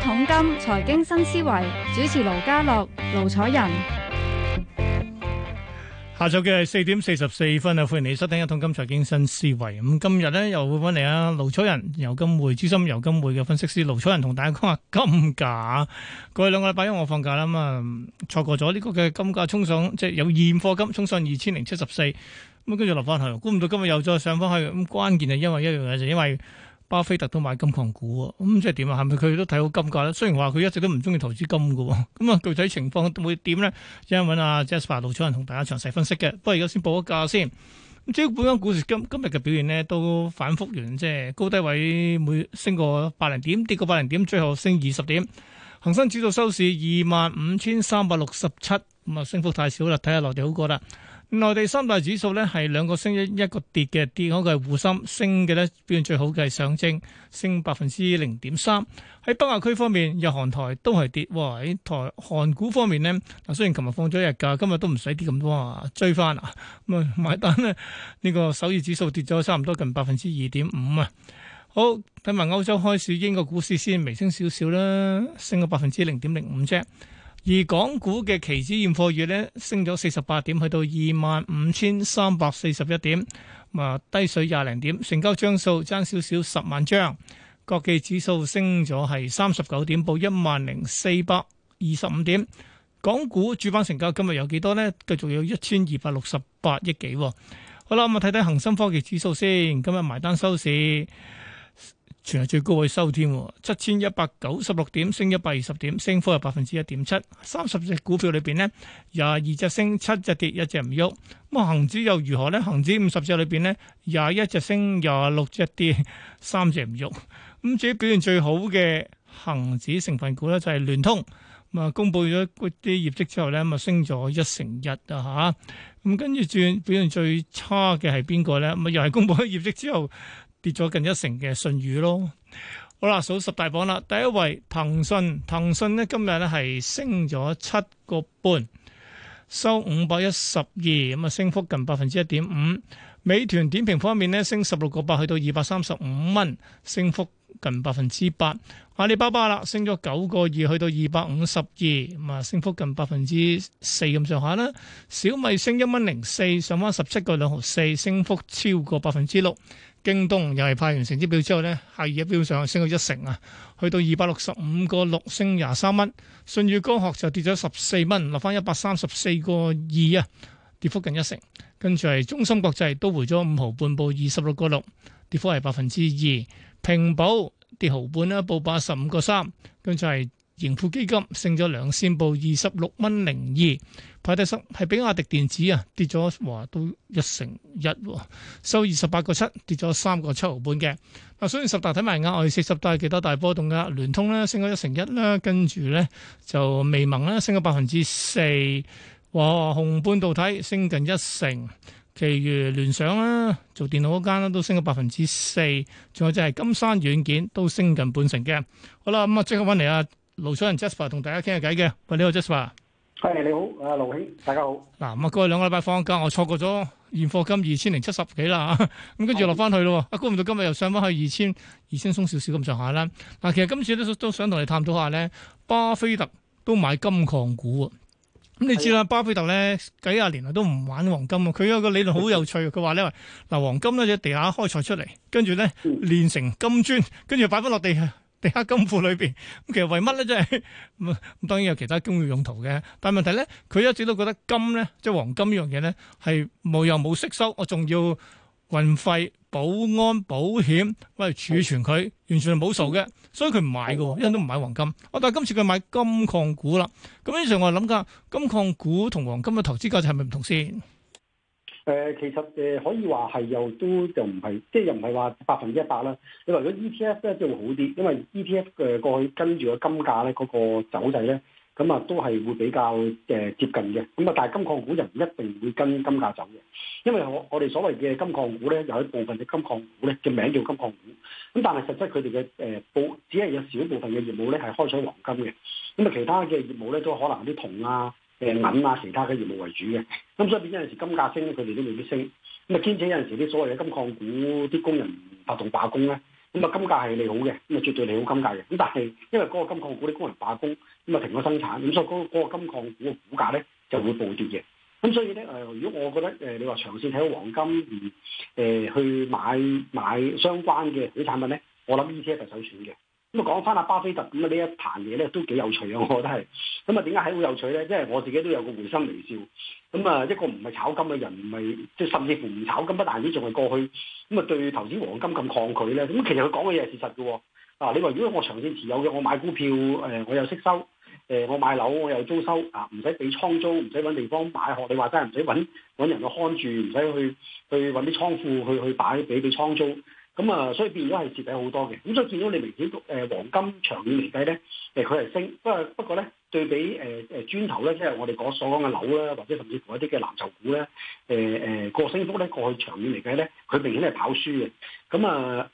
統金財經新思維主持盧家樂、盧楚仁，下晝嘅四點四十四分啊！歡迎你收聽《一統金財經新思維》。咁今日呢，又會揾嚟啊盧楚仁，游金匯資深游金匯嘅分析師盧楚仁同大家講下金價。過去兩個禮拜因為我放假啦，咁啊錯過咗呢個嘅金價衝上，即係有現貨金衝上二千零七十四咁跟住落翻去，估唔到今日又再上翻去。咁、嗯、關鍵係因為一樣嘢就因為。就是因為巴菲特都買金礦股喎，咁即係點啊？係咪佢都睇好金價咧？雖然話佢一直都唔中意投資金嘅喎，咁啊，具體情況會點咧？即係揾阿 Jasper 盧楚仁同大家詳細分析嘅。不過而家先報一價先。即至本港股市今今日嘅表現呢都反覆完，即係高低位每升過百零點，跌過百零點，最後升二十點。恒生指數收市二萬五千三百六十七，咁啊，升幅太少啦，睇下落地好過啦。內地三大指數咧係兩個升一一個跌嘅，跌嗰個係滬深，升嘅咧表現最好嘅係上證，升百分之零點三。喺北亞區方面，日韓台都係跌，哇！喺台韓股方面呢，嗱雖然琴日放咗一日假，今日都唔使跌咁多啊，追翻，啊，咁啊買單咧。呢、呢個首爾指數跌咗差唔多近百分之二點五啊。好，睇埋歐洲開市，英國股市先微升少少啦，升個百分之零點零五啫。而港股嘅期指現貨月咧升咗四十八點，去到二萬五千三百四十一點，啊低水廿零點，成交張數爭少少十萬張。國企指數升咗係三十九點，報一萬零四百二十五點。港股主板成交今日有幾多呢？繼續有一千二百六十八億幾。好啦，咁啊睇睇恒生科技指數先，今日埋單收市。全係最高位收天，七千一百九十六點，升一百二十點，升幅係百分之一點七。三十隻股票裏邊咧，廿二隻升，七隻跌，一隻唔喐。咁恒指又如何咧？恒指五十隻裏邊咧，廿一隻升，廿六隻跌，三隻唔喐。咁至於表現最好嘅恒指成分股咧，就係聯通。咁啊，公布咗啲業績之後咧，咪升咗一成一啊？吓，咁跟住轉表現最差嘅係邊個咧？咁又係公布咗業績之後。跌咗近一成嘅信譽咯。好啦，數十大榜啦。第一位騰訊，騰訊呢，今日呢係升咗七個半，收五百一十二咁啊，升幅近百分之一點五。美團點評方面呢，升十六個八，去到二百三十五蚊，升幅近百分之八。阿里巴巴啦，升咗九個二，去到二百五十二咁啊，升幅近百分之四咁上下啦。小米升一蚊零四，上返十七個兩毫四，升幅超過百分之六。京東又係派完成績表之後咧，係二一標上升到一成啊，去到二百六十五個六，升廿三蚊。舜宇光學就跌咗十四蚊，落翻，一百三十四個二啊，跌幅近一成。跟住係中芯國際都回咗五毫半，報二十六個六，跌幅係百分之二。平保跌毫半啦，報八十五個三。跟住係。盈富基金升咗兩仙報二十六蚊零二，派第十係比亞迪電子啊跌咗話都一成一、哦，收二十八個七，跌咗三個七毫半嘅。嗱，所以十大睇埋啊，額外四十大幾多大波動噶？聯通咧升咗一成一啦，跟住咧就微盟咧升咗百分之四，華虹半導體升近一成，其餘聯想啦做電腦嗰間咧都升咗百分之四，仲有就係金山軟件都升近半成嘅。好啦，咁、嗯、啊，即刻翻嚟啊！盧楚仁 Jasper 同大家傾下偈嘅，喂你好 Jasper，係你好，阿盧兄，大家好。嗱咁啊，過去兩個禮拜放假，我錯過咗現貨金二千零七十幾啦，咁跟住落翻去咯，啊估唔、oh. 啊、到今日又上翻去二千二千鬆少少咁上下啦。嗱、啊，其實今次都都想同你探討下咧，巴菲特都買金礦股，咁呀你知啦，巴菲特咧幾廿年來都唔玩黃金啊，佢有個理論好有趣，佢話咧嗱黃金咧就地下開採出嚟，跟住咧煉成金磚，跟住擺翻落地。地下金庫裏邊，咁其實為乜咧？即係咁當然有其他工業用途嘅，但係問題咧，佢一直都覺得金咧，即係黃金呢樣嘢咧，係冇又冇息收，我仲要運費、保安、保險，喂，儲存佢完全係冇數嘅，所以佢唔買嘅，一啲都唔買黃金。我但係今次佢買金礦股啦，咁呢，於是我就諗緊，金礦股同黃金嘅投資價值係咪唔同先？誒、呃，其實誒、呃、可以話係又都就唔係，即係又唔係話百分之一百啦。你話如果 E T F 咧就會好啲，因為 E T F 誒過去跟住個金價咧嗰、那個走勢咧，咁啊都係會比較誒、呃、接近嘅。咁啊，但係金礦股就唔一定會跟金價走嘅，因為我我哋所謂嘅金礦股咧，有一部分嘅金礦股咧嘅名叫金礦股，咁但係實質佢哋嘅誒部只係有少部分嘅業務咧係開採黃金嘅，咁啊其他嘅業務咧都可能啲銅啊。誒銀啊，其他嘅業務為主嘅，咁、嗯、所以有陣時金價升，佢哋都未必升。咁、嗯、啊，兼且有陣時啲所謂嘅金礦股，啲工人發動罷工咧，咁、嗯、啊金價係利好嘅，咁、嗯、啊絕對利好金價嘅。咁、嗯、但係因為嗰個金礦股啲工人罷工，咁、嗯、啊停咗生產，咁、嗯、所以嗰個金礦股嘅股價咧就會暴跌嘅。咁、嗯、所以咧誒、呃，如果我覺得誒、呃、你話長線睇到黃金而誒、呃、去買買相關嘅啲產品咧，我諗呢啲係第一個首選嘅。咁啊，講翻阿巴菲特咁啊，呢一壇嘢咧都幾有趣啊！我覺得係，咁啊點解係好有趣咧？即係我自己都有個回心微笑。咁啊，一個唔係炒金嘅人，唔係即係甚至乎唔炒金，不但止仲係過去咁啊，對投資黃金咁抗拒咧。咁其實佢講嘅嘢係事實嘅。啊，你話如果我長線持有嘅，我買股票，誒，我又息收，誒，我買樓我又租收啊，唔使俾倉租，唔使揾地方買，學你話齋唔使揾揾人看去看住，唔使去倉庫去揾啲倉庫去去擺，俾俾倉租。咁啊，所以變咗係蝕底好多嘅。咁所以見到你明顯誒黃金長遠嚟計咧，誒佢係升。不過不過咧，對比誒誒磚頭咧，即係我哋我所講嘅樓啦，或者甚至乎一啲嘅藍籌股咧，誒誒個升幅咧，過去長遠嚟計咧，佢明顯係跑輸嘅。咁啊，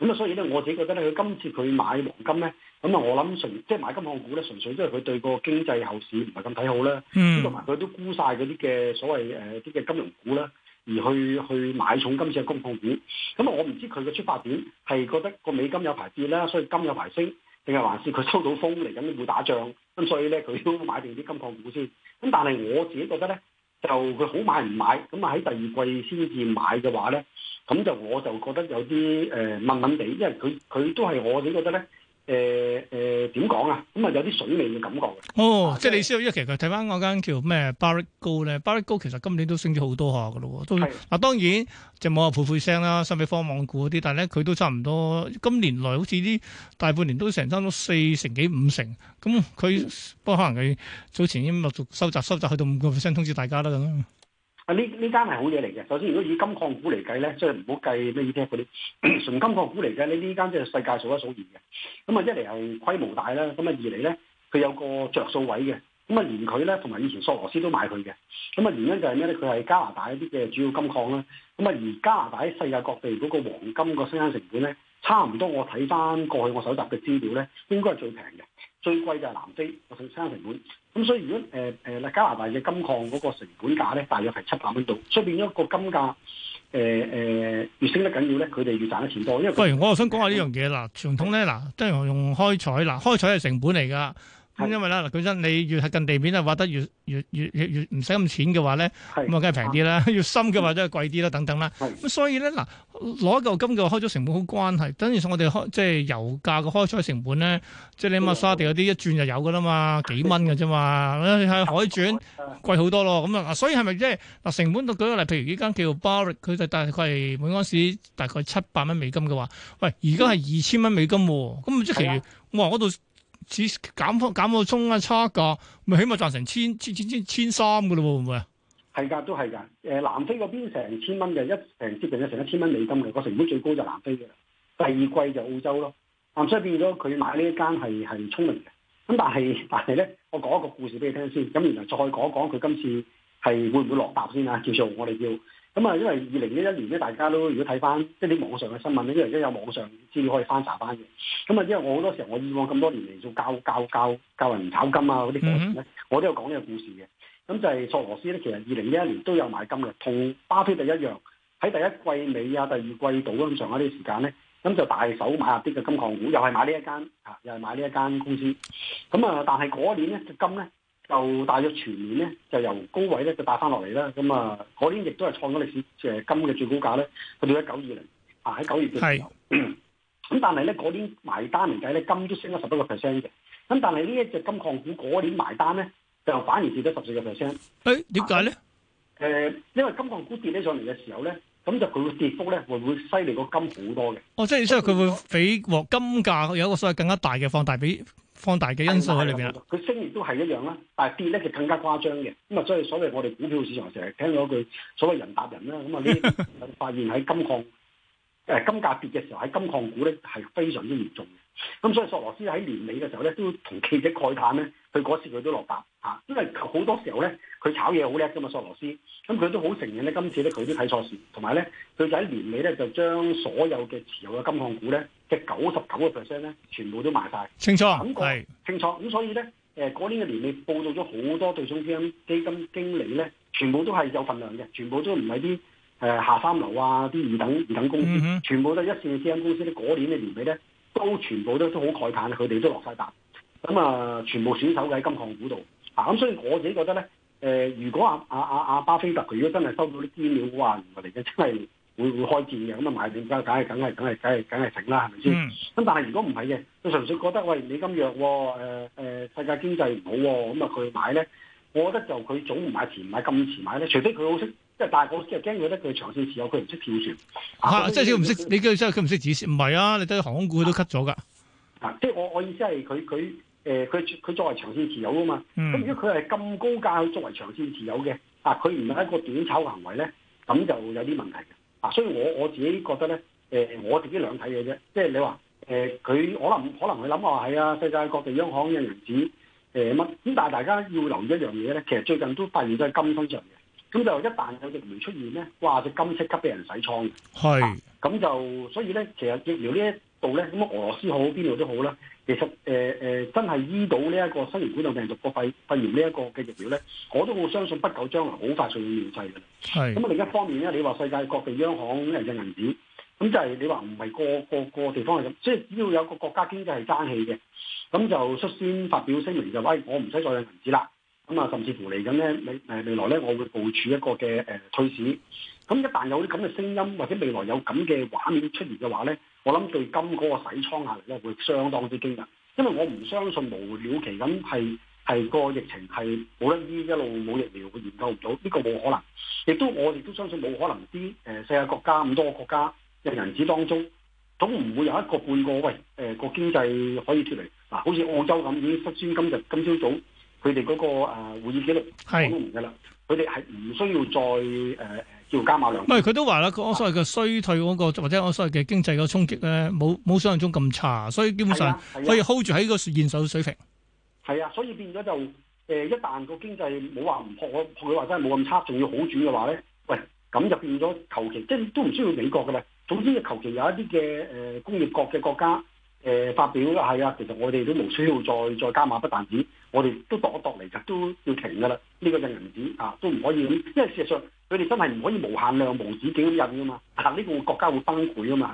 咁啊，所以咧，我自己覺得咧，佢今次佢買黃金咧，咁啊，我諗純即係買金礦股咧，純粹都係佢對個經濟後市唔係咁睇好啦。嗯。咁同埋佢都沽晒嗰啲嘅所謂誒啲嘅金融股啦。而去去買重今次嘅金礦股，咁啊，我唔知佢嘅出發點係覺得個美金有排跌啦，所以金有排升，定係還是佢收到風嚟咁會打仗，咁所以咧佢都買定啲金礦股先。咁但係我自己覺得咧，就佢好買唔買，咁啊喺第二季先至買嘅話咧，咁就我就覺得有啲誒掹掹地，因為佢佢都係我點覺得咧。誒誒、呃呃嗯、點講、哦、啊？咁啊有啲水味嘅感覺嘅。哦是，即係你知先，一其實睇翻我間叫咩？b a r r Barrick 高咧，Barrick 高其實今年都升咗好多下㗎咯。都嗱的、啊、當然，就冇話潑潑聲啦，新比方網股嗰啲，但係咧佢都差唔多。今年來好似啲大半年都成差唔多四成幾五成。咁、嗯、佢不過可能佢早前啲陸續收集收集，去到五個 percent 通知大家啦咁。呢呢間係好嘢嚟嘅。首先，如果以金礦股嚟計咧，即係唔好計咩 ETF 嗰啲純金礦股嚟嘅。你呢間即係世界數一數二嘅。咁啊，一嚟係規模大啦。咁啊，二嚟咧，佢有個着數位嘅。咁啊，連佢咧，同埋以前索羅斯都買佢嘅。咁啊，原因就係咩咧？佢係加拿大一啲嘅主要金礦啦。咁啊，而加拿大喺世界各地嗰個黃金個生產成本咧，差唔多。我睇返過去我搜集嘅資料咧，應該係最平嘅。最貴就係南非，我想生產成本。咁所以如果誒誒嗱加拿大嘅金礦嗰個成本價咧，大約係七百蚊度，所以變咗個金價誒誒、呃呃、越升得緊要咧，佢哋越賺得錢多。因為不如我又想講下呢樣嘢啦，傳統咧嗱，即係用開採，嗱開採係成本嚟㗎。因為啦嗱，本身你越係近地面咧，挖得越越越越越唔使咁淺嘅話咧，咁啊梗係平啲啦。越深嘅話都係貴啲啦，等等啦。咁是所以咧嗱，攞嚿金嘅開咗成本好關係。等於我哋開即係油價嘅開採成本咧，即係你阿、嗯、沙地嗰啲一轉就有噶啦嘛，幾蚊嘅啫嘛。你喺海轉貴好多咯。咁啊所以係咪即係嗱成本？舉個例，譬如依間叫做 Barrick，佢就大概係每安士大概七百蚊美金嘅話，喂，而家係二千蚊美金喎，啊。咁即係哇，嗰度。只減幅，減到充啊，差價咪起碼賺成千千千千千三嘅咯喎，會唔會啊？係㗎，都係㗎。誒，南非嗰邊成千蚊嘅，一成接近一成一千蚊美金嘅，個成本最高就南非嘅。第二貴就澳洲咯。咁、嗯、所以變咗佢買呢一間係係聰明嘅。咁但係但係咧，我講一個故事俾你聽先。咁然後再講一講佢今次係會唔會落踏先啊？叫做我哋叫。咁啊，因為二零一一年咧，大家都如果睇翻即係啲網上嘅新聞咧，因為而家有網上資料可以翻查翻嘅。咁啊，因為我好多時候，我以往咁多年嚟做教教教教人炒金啊嗰啲過程咧，mm hmm. 我都有講呢個故事嘅。咁就係索羅斯咧，其實二零一一年都有買金嘅，同巴菲特一樣，喺第一季尾啊、第二季度咁上下啲時間咧，咁就大手買下啲嘅金礦股，又係買呢一間啊，又係買呢一間公司。咁啊，但係嗰年咧隻金咧。就大約全年咧，就由高位咧就帶翻落嚟啦。咁啊，嗰年亦都係創咗歷史誒、呃、金嘅最高價咧，去到一九二零。啊，喺九月嘅時候。咁是但係咧，嗰年埋單嚟計咧，金都升咗十幾個 percent 嘅。咁但係呢一隻金礦股嗰年埋單咧，就反而跌咗十幾個 percent。誒點解咧？誒、欸啊呃，因為金礦股跌起上嚟嘅時候咧，咁就佢會跌幅咧，會唔會犀利過金好多嘅？哦，即係即係佢會比鑊金價有一個所謂更加大嘅放大比。放大嘅因素喺裏邊啦，佢升亦都係一樣啦，但係跌咧就更加誇張嘅。咁啊，所以所謂我哋股票市場成日聽到一句所謂人踏人啦，咁啊啲發現喺金礦誒 金價跌嘅時，時候，喺金礦股咧係非常之嚴重嘅。咁所以索羅斯喺年尾嘅時候咧，都同記者慨嘆咧。佢嗰時佢都落白嚇，因為好多時候咧，佢炒嘢好叻㗎嘛，索羅斯。咁佢都好承認咧，今次咧佢都睇錯市。同埋咧佢就喺年尾咧就將所有嘅持有嘅金礦股咧即係九十九個 percent 咧，全部都賣晒。清楚，係清楚。咁所以咧，誒嗰年嘅年尾報道咗好多對沖 T.M 基金經理咧，全部都係有份量嘅，全部都唔係啲誒下三流啊，啲二等二等公司，嗯、哼全部都係一線嘅基金公司咧。嗰年嘅年尾咧，都全部都都好慨嘆，佢哋都落晒白。咁啊，全部選手喺金礦股度啊，咁所以我自己覺得咧，誒，如果阿阿阿阿巴菲特佢如果真係收到啲資料嘅話，原嚟嘅，真係會會開戰嘅，咁啊買點交，梗係梗係梗係梗係梗係停啦，係咪先？咁但係如果唔係嘅，佢純粹覺得喂美金弱，誒誒，世界經濟唔好喎，咁啊佢買咧，我覺得就佢早唔買，遲唔買，咁遲買咧，除非佢好識，即係大個，即係驚佢咧，佢長線持有，佢唔識跳船嚇，即係佢唔識，你佢真係佢唔識止蝕，唔係啊，你啲航空股佢都 cut 咗㗎，啊，即係我我意思係佢佢。誒佢佢作為長線持有啊嘛，咁如果佢係咁高價去作為長線持有嘅，啊佢唔係一個短炒行為咧，咁就有啲問題嘅。啊，所以我我自己覺得咧，誒、呃、我自己兩睇嘅啫，即係你話誒佢可能可能佢諗下係啊，世界各地央行印銀紙誒乜，咁、呃、但係大家要留意一樣嘢咧，其實最近都發現咗喺金身上嘅，咁就一旦有疫苗出現咧，哇！只金色級俾人洗倉嘅，咁是、啊、就所以咧，其實疫苗呢一度咧，咁啊、嗯，俄羅斯好，邊度都好啦。其實，誒、呃、誒、呃，真係醫到呢一個新型冠狀病毒個肺肺炎呢一個嘅疫苗咧，我都好相信不久將來好快就會面世嘅。係咁啊，另一方面咧，你話世界各地央行印印銀紙，咁就係你話唔係個個個地方係咁，即係只要有個國家經濟係爭氣嘅，咁就率先發表聲明就話、哎、我唔使再印銀紙啦。咁啊，甚至乎嚟緊咧，你誒未來咧，我會部署一個嘅誒、呃、退市。咁一旦有啲咁嘅聲音或者未來有咁嘅畫面出現嘅話咧，我諗對今嗰個洗倉壓力咧會相當之驚訝，因為我唔相信無了期咁係係個疫情係冇得醫，一路冇疫苗，佢研究唔到呢個冇可能。亦都我亦都相信冇可能啲誒世界國家咁多個國家嘅人士當中，總唔會有一個半個喂誒、呃、個經濟可以脱離嗱。好似澳洲咁已經率先今日今朝早佢哋嗰個誒、啊、會議記錄都唔㗎啦。佢哋係唔需要再誒、呃、叫加碼量，唔佢、嗯、都話啦，我所謂嘅衰退嗰、那個，或者我所謂嘅經濟嘅衝擊咧，冇冇想象中咁差，所以基本上、啊啊、可以 hold 住喺個現實水平。係啊，所以變咗就誒、呃，一旦個經濟冇話唔破，我佢話真係冇咁差，仲要好轉嘅話咧，喂，咁就變咗求其，即係都唔需要美國嘅啦。總之，求其有一啲嘅誒工業國嘅國家誒、呃、發表係啊，其實我哋都冇需要再再加碼不單止。我哋都度一度嚟就都要停噶啦，呢個印銀紙啊都唔可以咁，因為事實上佢哋真係唔可以無限量、無止境咁印噶嘛，啊呢個國家會崩潰噶嘛，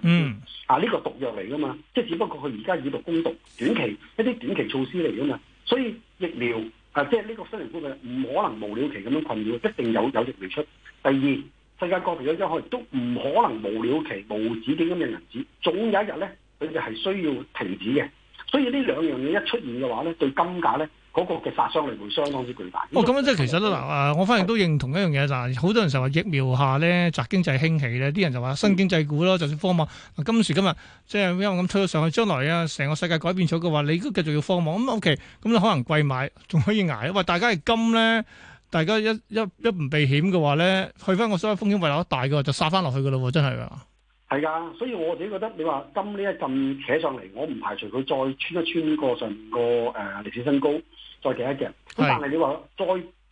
啊呢個毒藥嚟噶嘛，即係只不過佢而家以毒攻毒，短期一啲短期措施嚟噶嘛，所以疫苗啊即係呢個新型肺炎唔可能無了期咁樣困擾，一定有有疫苗出。第二，世界各地都可能都唔可能無了期無止境咁印銀紙，總有一日咧佢哋係需要停止嘅。所以呢兩樣嘢一出現嘅話咧，對金價咧～嗰個嘅殺傷力會相當之巨大。哦，咁樣即係其實都，嗱、嗯啊，我反而都認同一樣嘢就係，好的多人成日話疫苗下咧，宅經濟興起咧，啲人就話新經濟股咯，就算科網，嗯、今時今日即係因為咁推咗上去，將來啊，成個世界改變咗嘅話，你都繼續要科網，咁、嗯、OK，咁、嗯、你可能貴買，仲可以捱啊！喂，大家係金咧，大家一一一唔避險嘅話咧，去翻個所有風險位落得大嘅，就殺翻落去嘅咯，真係㗎。係噶，所以我自己覺得你話今呢一咁扯上嚟，我唔排除佢再穿一穿個上個誒、呃、歷史新高，再夾一夾。咁的但係你話再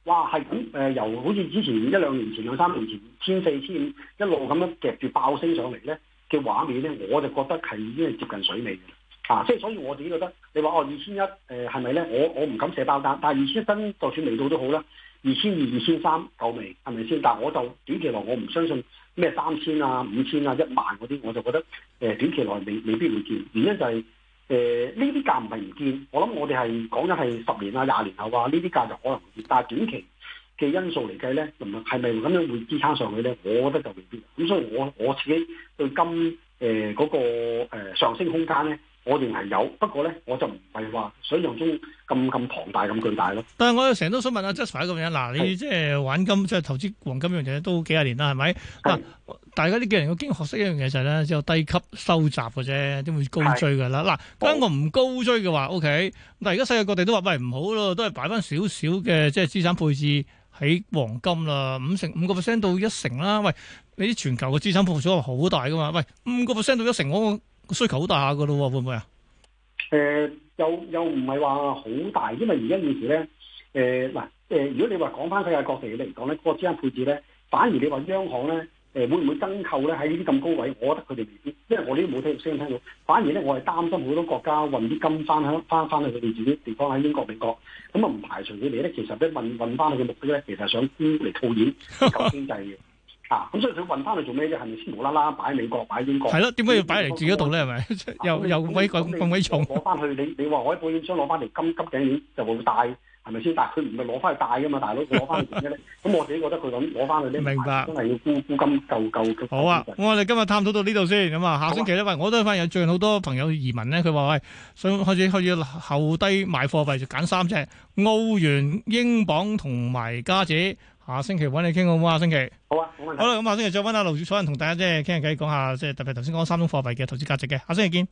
哇係咁誒，由好似之前一兩年前兩三年前千四千五一路咁樣夾住爆升上嚟咧嘅畫面咧，我就覺得係已經係接近水尾嘅啦。啊，即係所以我自己覺得你話哦二千一誒係咪咧？我我唔敢寫包單，但係二千一真就算未到都好啦。二千二二千三夠未係咪先？但係我就短期嚟我唔相信。咩三千啊、五千啊、一萬嗰啲，我就覺得誒短期內未未必會見，原因就係誒呢啲價唔係唔見，我諗我哋係講緊係十年啊、廿年後話呢啲價就可能會見，但係短期嘅因素嚟計咧，係咪咁樣會支撐上去咧？我覺得就未必。咁所以我我自己對金誒嗰個、呃、上升空間咧。我哋係有，不過咧，我就唔係話想像中咁咁龐大咁巨大咯。但係我又成日都想問阿 Justin 樣，嗱、 啊，你即係玩金即係、就是、投資黃金樣嘢都幾廿年啦，係咪？嗱、 啊，大家呢幾年都經學識一樣嘢就係咧，只有低級收集嘅啫，都冇高追㗎啦。嗱，如果我唔高追嘅話，O K。Okay，但係而家世界各地都話喂，唔好咯，都係擺翻少少嘅即係資產配置喺黃金啦，五成五個 percent 到一成啦。喂，你啲全球嘅資產配置好大噶嘛？喂，五個 percent 到一成我。需求大下噶咯，會唔會啊？誒、呃，又又唔係話好大，因為而家現時咧，誒、呃、嗱，誒、呃，如果你話講翻世界各地嚟講咧，嗰個資金配置咧，反而你話央行咧，誒、呃，會唔會增購咧？喺呢啲咁高位，我覺得佢哋未必，因為我啲冇聽聲音聽到。反而咧，我係擔心好多國家運啲金翻響翻翻去佢哋自己地方，喺英國、美國，咁啊唔排除佢哋咧。其實咧運運翻去嘅目的咧，其實係想嚟套現救經濟嘅。 啊！咁所以佢運翻嚟做咩啫？係咪先無啦啦擺喺美國擺英國？係咯，點解要擺嚟自己度咧？係咪、啊、 又、啊、又咁鬼貴咁鬼重？攞翻你去 你你話我喺保險箱攞翻嚟，金金頸鏈就會大。係咪先？但係佢唔係攞翻去戴噶嘛，大佬攞翻去點咧？咁我自己覺得佢咁攞翻去明白，真係要沽沽金救救好啊，我哋今日探討到呢度先，咁啊，下星期咧，喂，我都發現最近好多朋友移民咧，佢話喂想開始開始後低賣貨幣，就揀三隻澳元、英鎊同埋加紙。下星期揾你傾好唔好？下星期好啊，好啦，咁下星期再揾阿盧楚仁同大家即係傾下偈，講下即係特別頭先講三種貨幣嘅投資價值嘅，下星期見。